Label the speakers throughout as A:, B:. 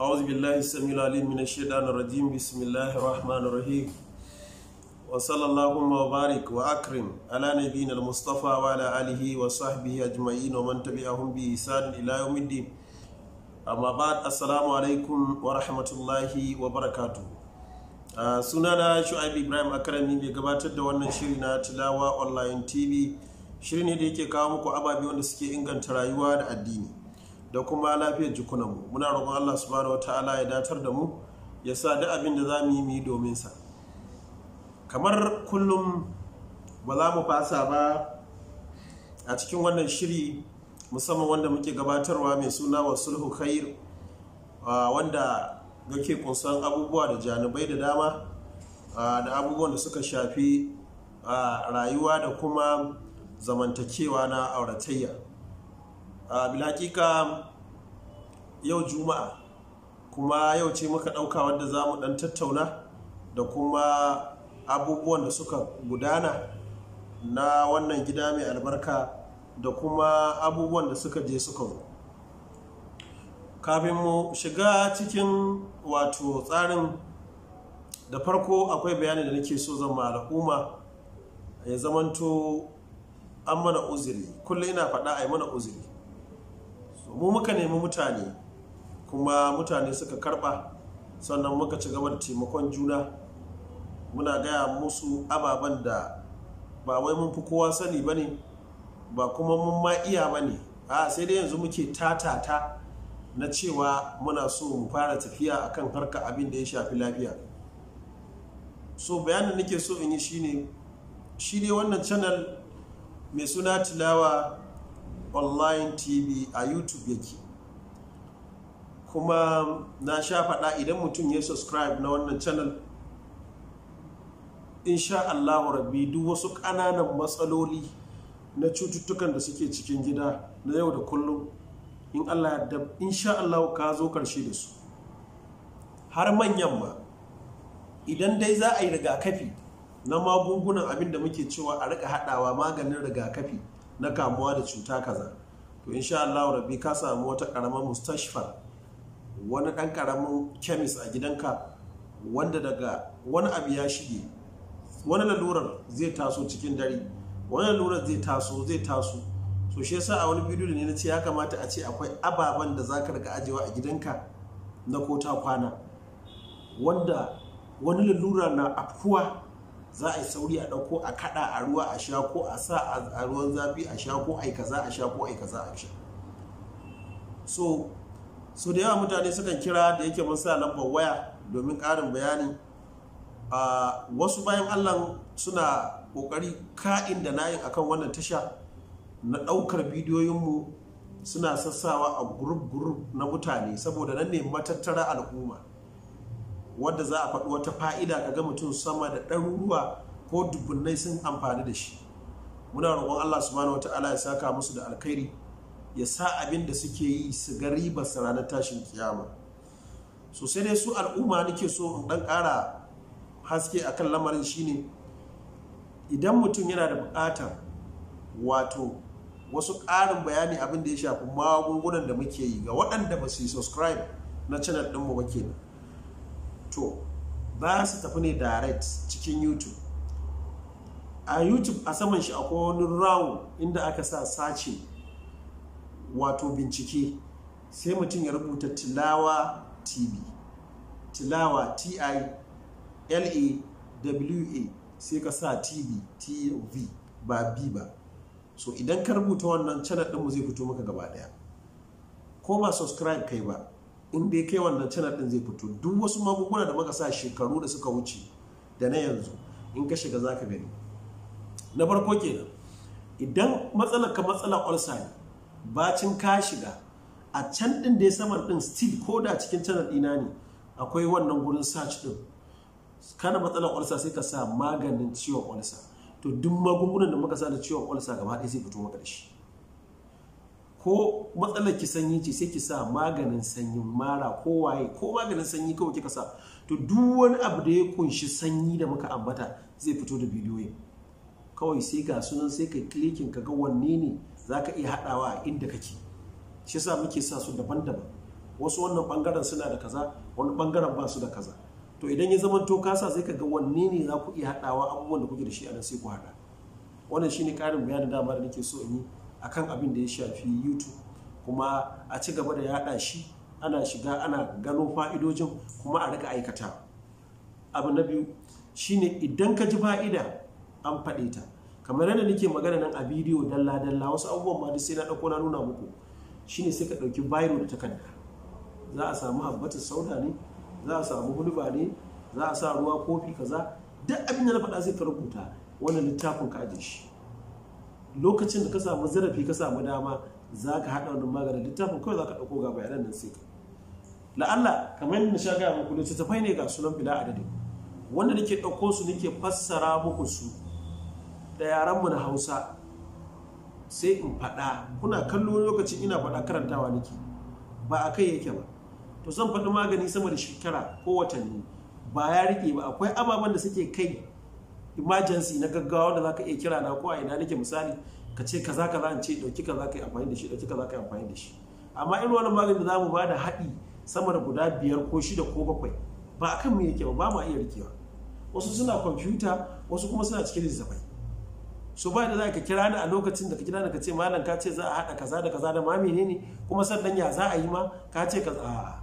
A: أعوذ بالله السميع العليم من الشيطان الرجيم بسم الله الرحمن الرحيم وصلى اللهم وبارك وأكرم على نبينا المصطفى وعلى آله وصحبه أجمعين ومن تبعهم بإحسان إلى يوم الدين أما بعد السلام عليكم ورحمة الله وبركاته Uh, sunana shu'aib ibrahim akarami mai gabatar da تلاوة أونلاين تي في online ديكي shiri ne da yake kawo muku ababe da kuma lafiyar jikunanmu muna roƙon Allah subhanahu wata'ala ya datar da mu ya sa da abin da za mu yi mu domin sa kamar kullum ba za mu fasa ba a cikin wannan shiri musamman wanda muke gabatarwa mai suna wa sulhu khair wanda yake kunsan abubuwa da janibai da dama da abubuwan da suka shafi rayuwa da kuma zamantakewa na auratayya A bilakika yau juma'a kuma yau ce muka ɗauka wanda za mu ɗan tattauna da kuma abubuwan da suka gudana na wannan gida mai albarka da kuma abubuwan da suka je suka zo kafin mu shiga cikin wato tsarin da farko akwai bayanin da nake so zama al'umma ya zamanto an mana uzuri kullum ina faɗa a yi mana uzuri mu muka nemi mutane kuma mutane suka karba sannan muka ci gaba da taimakon juna muna gaya musu ababen da ba wai mun fi kowa sani ba ne ba kuma mun ma iya ba ne a sai dai yanzu muke tatata na cewa muna so mu fara tafiya a kan harka abin da ya shafi lafiya so bayanin nake so in yi shine shi ne wannan channel mai suna tilawa online tv a youtube yake kuma na sha faɗa idan mutum ya subscribe na wannan channel insha Allah rabbi duk wasu ƙananan matsaloli na cututtukan da suke cikin gida na yau da kullum in Allah da insha Allah ka zo karshe da su har manyan ma idan dai za a yi rigakafi na magungunan abin da muke cewa a rika haɗawa maganin rigakafi na kamuwa da cuta kaza to insha Allah rabbi ka samu wata karamar mustashfa wani dan karamin kemis a gidanka wanda daga wani abu ya shige wani lalurar zai taso cikin dare wani lalurar zai taso zai taso so shi yasa a wani bidiyo da ne na ce ya kamata a ce akwai ababen da zaka riga ajewa a gidanka na kota kwana wanda wani lalura na afkuwa za a yi sauri a ɗauko a kaɗa a ruwa a sha ko a sa a ruwan zafi a sha ko ai kaza a sha ko ai kaza a sha so so da yawa mutane sukan kira da yake mun sa lambar waya domin ƙarin bayani a wasu bayan allah suna ƙoƙari ka'in da nayi akan wannan tasha na ɗaukar bidiyoyinmu suna sassawa a gurub-gurub na mutane saboda nan ne matattara al'umma wadda za a faɗi wata fa'ida ga mutum sama da ɗaruruwa ko dubunnai sun amfani da shi muna roƙon Allah subhanahu ala ya saka musu da alkhairi ya sa abin da suke yi su ga ba su ranar tashin kiyama so sai dai su al'umma nake so in ɗan ƙara haske a kan lamarin shine idan mutum yana da buƙatar wato wasu ƙarin bayani abin da ya shafi magungunan da muke yi ga waɗanda ba su yi subscribe na channel ɗinmu ba kenan to ba su tafi ne direct cikin youtube a youtube a saman shi akwai wani round inda aka sa sace wato bincike sai mutum ya rubuta tilawa tv tilawa ti sai ka sa tv tv ba b ba so idan ka rubuta wannan channel mu zai fito maka gaba ɗaya ko ba subscribe kai ba in da ya kai wannan channel din zai fito duk wasu magunguna da muka sa shekaru da suka wuce da na yanzu in ka shiga zaka gani na farko kenan idan matsalar ka matsala ulcer ne bacin ka shiga a can din da ya saman din still ko da cikin channel dina ne akwai wannan gurin search din kana matsalar ulcer sai ka sa maganin ciwon ulcer to duk magungunan da muka sa da ciwon ulcer gaba ɗaya zai fito maka da shi ko matsalar ki sanyi ce sai ki sa maganin sanyin mara ko waye ko maganin sanyi kawai kika sa to duk wani abu da ya kunshi sanyi da muka ambata zai fito da bidiyo kawai sai ga sunan sai kai klikin ka ga wanne ne zaka iya haɗawa a inda kake shi yasa muke sa su daban-daban wasu wannan bangaren suna da kaza wani bangaren ba su da kaza to idan ya zama to kasa sai ka ga wanne ne za ku iya hadawa abubuwan da kuke da shi a nan sai ku hada wannan shine karin bayanin dama da nake so in yi akan abin da ya shafi youtube kuma a ci gaba da yada shi ana shiga ana gano fa'idojin kuma a rika aikata abu na biyu shine idan ka ji fa'ida an faɗe ta kamar yadda nake magana nan a bidiyo dalla dalla wasu abubuwan ma duk sai na ɗauko na nuna muku shine sai ka ɗauki bayro da takarda za a samu habbatar sauda ne za a samu hulba ne za a sa ruwa kofi kaza duk abin da na faɗa sai ka rubuta wannan littafin ka ajiye shi lokacin da ka samu zarafi ka samu dama za ka haɗa wani maganin littafin kawai za ka ɗauko ga bayanan nan sai ka la'alla kamar yadda sha gaya muku littattafai ne ga sunan bila adadin wanda nake ɗauko su nake fassara muku su da yaranmu na hausa sai in faɗa kuna kallo lokacin ina faɗa karantawa nake ba a kai yake ba to zan faɗi magani sama da shekara ko watanni ba ya rike ba akwai ababen da suke kai emergency na gaggawa da zaka iya kira na ko a ina nake misali ka ce kaza kaza in ce dauki kaza kai amfani da shi dauki kaza kai amfani da shi amma irin wannan magani da zamu bada haɗi sama da guda biyar ko shida ko bakwai ba akan me yake ba ba mu iya rikewa wasu suna kwamfuta wasu kuma suna cikin littafai so ba da za kira ni a lokacin da ka kira ni ka ce malam ka ce za a haɗa kaza da kaza da ma menene kuma sannan ya za a yi ma ka ce kaza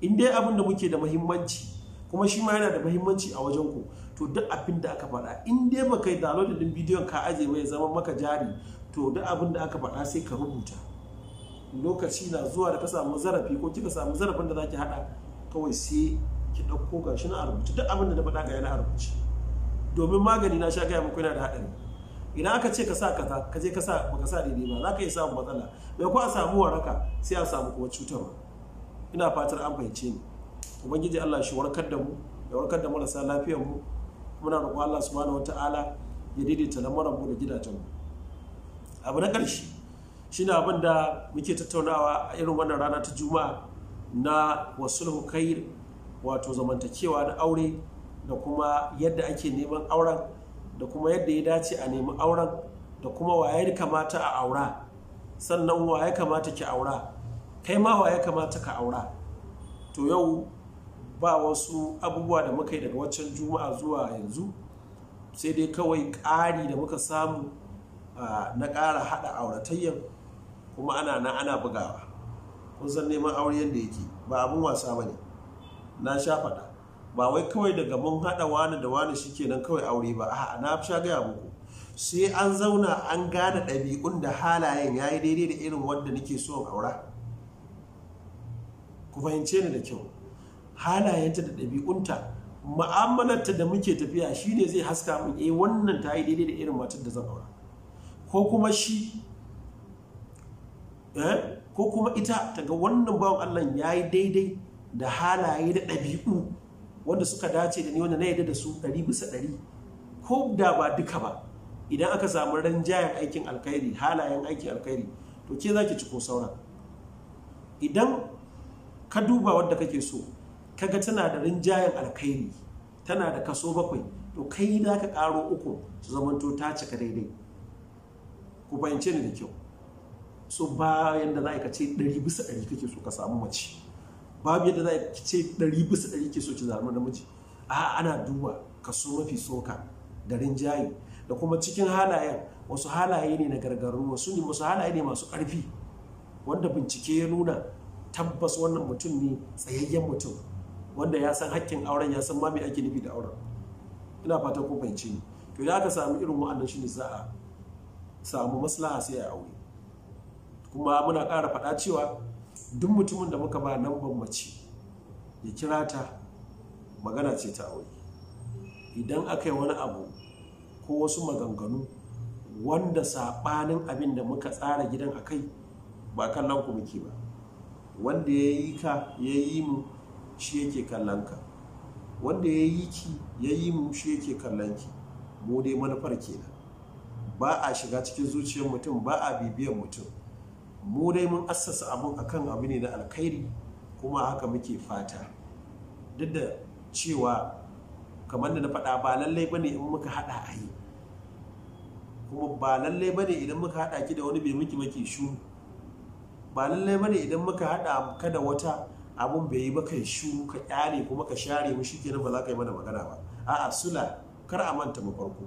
A: in dai abin da muke da muhimmanci kuma shi ma yana da muhimmanci a wajen ku to duk abin da aka faɗa in dai baka yi download din bidiyon ka aje bai zama maka jari to duk abin da aka faɗa sai ka rubuta lokaci na zuwa da ka samu zarafi ko kika samu zarafin da zaki haɗa kawai sai ki ɗauko gashi na a rubuce duk abin da na faɗa ga yana a domin magani na sha gaya muku yana da haɗari idan aka ce ka sa kaza ka je ka sa baka sa daidai ba za ka iya samun matsala mai ko a samu waraka sai a samu kuma cutarwa ina fatar an fahimce ni ubangiji Allah shi warkar da mu ya warkar da marasa lafiyar mu muna roƙon Allah subhanahu wata'ala ya daidaita lamuran mu da gidajen mu abu na ƙarshe shine abin da muke tattaunawa a irin wannan rana ta juma'a na wasu khair wato zamantakewa na aure da kuma yadda ake neman auren da kuma yadda ya dace a nemi auren da kuma waye kamata a aura sannan waye kamata ki aura kai ma waye kamata ka aura to yau ba wasu abubuwa da muka yi daga waccan juma'a zuwa yanzu sai dai kawai ƙari da muka samu na ƙara haɗa auratayyar kuma ana na ana bugawa kun san neman aure yadda yake ba abin wasa ba ne na sha faɗa ba wai kawai daga mun haɗa wani da wani shi kenan kawai aure ba a'a na sha gaya muku sai an zauna an gane ɗabi'un da halayen ya yi daidai da irin wanda nake so aura ku fahimce ni da kyau halayenta da ɗabi'unta ma'amalarta da muke tafiya shi ne zai haska min eh wannan ta yi daidai da irin matar da zan aura ko kuma shi eh, ko kuma ita ta ga wannan bawan Allah ya yi daidai da halaye da ɗabi'u wanda suka dace da ni wanda na yarda da su ɗari bisa ɗari ko da ba duka ba idan aka samu ranjayen aikin alkhairi halayen aikin alkhairi to ke za ki ci ko idan ka duba wadda kake so kaga tana da rinjayen alkhairi tana da kaso bakwai to kai za ka karo uku su zamanto ta cika daidai ku fahimce ni da kyau su ba yadda za ka ce ɗari bisa ɗari kake so ka samu mace babu yadda za ka ce ɗari bisa ɗari ke so ki zama namiji a ana duba kaso mafi soka da rinjaye da kuma cikin halayen wasu halaye ne na gargaru wasu ne wasu halaye ne masu ƙarfi wanda bincike ya nuna tabbas wannan mutum ne tsayayyen mutum wanda ya san hakkin auren ya san ma me ake nufi da auren ina fatan ko fahimci ni to idan aka samu irin wa'annan shine za a samu maslaha sai a aure kuma muna ƙara faɗa cewa duk mutumin da muka ba lambar mace ya kira ta magana ce ta aure idan aka yi wani abu ko wasu maganganu wanda saɓanin abin da muka tsara gidan a kai ba kallon ku muke ba wanda ya yi ka ya yi mu shi yake kallon ka wanda ya yi ki ya yi mu shi yake kallon ki mu dai manufar kenan ba a shiga cikin zuciyar mutum ba a bibiyar mutum mu dai mun assasa a akan abu ne na alkhairi kuma haka muke fata duk da cewa kamar da na faɗa ba lallai bane in muka haɗa a yi kuma ba lallai bane idan muka haɗa ki da wani bai miki maki shu ba lallai bane idan muka haɗa ka da wata abun bai yi ba kai shuru ka kyale kuma ka share mu nan ba za ka yi mana magana ba a'a sula kar a manta mafarko. farko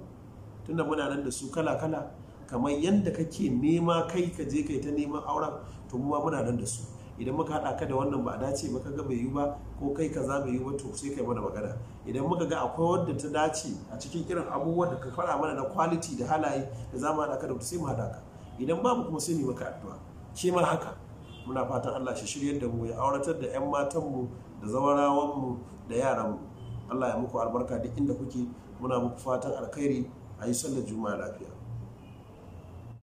A: tunda muna nan da su kala kala kamar yadda kake nema kai ka je kai ta neman auren to mu muna nan da su idan muka haɗa ka da wannan ba a dace ba ga bai yi ba ko kai ka za bai yi ba to sai kai mana magana idan muka ga akwai wanda ta dace a cikin irin abubuwan da ka fara mana na kwaliti da halaye da za mu haɗa ka da sai mu haɗa ka idan babu kuma sai mu maka addu'a shi ma haka muna fatan Allah shi shiryar da mu ya auratar da 'yan matanmu da zawarawanmu da yaranmu Allah ya muku albarka duk inda kuke muna muku fatan alkhairi a yi sallar juma'a lafiya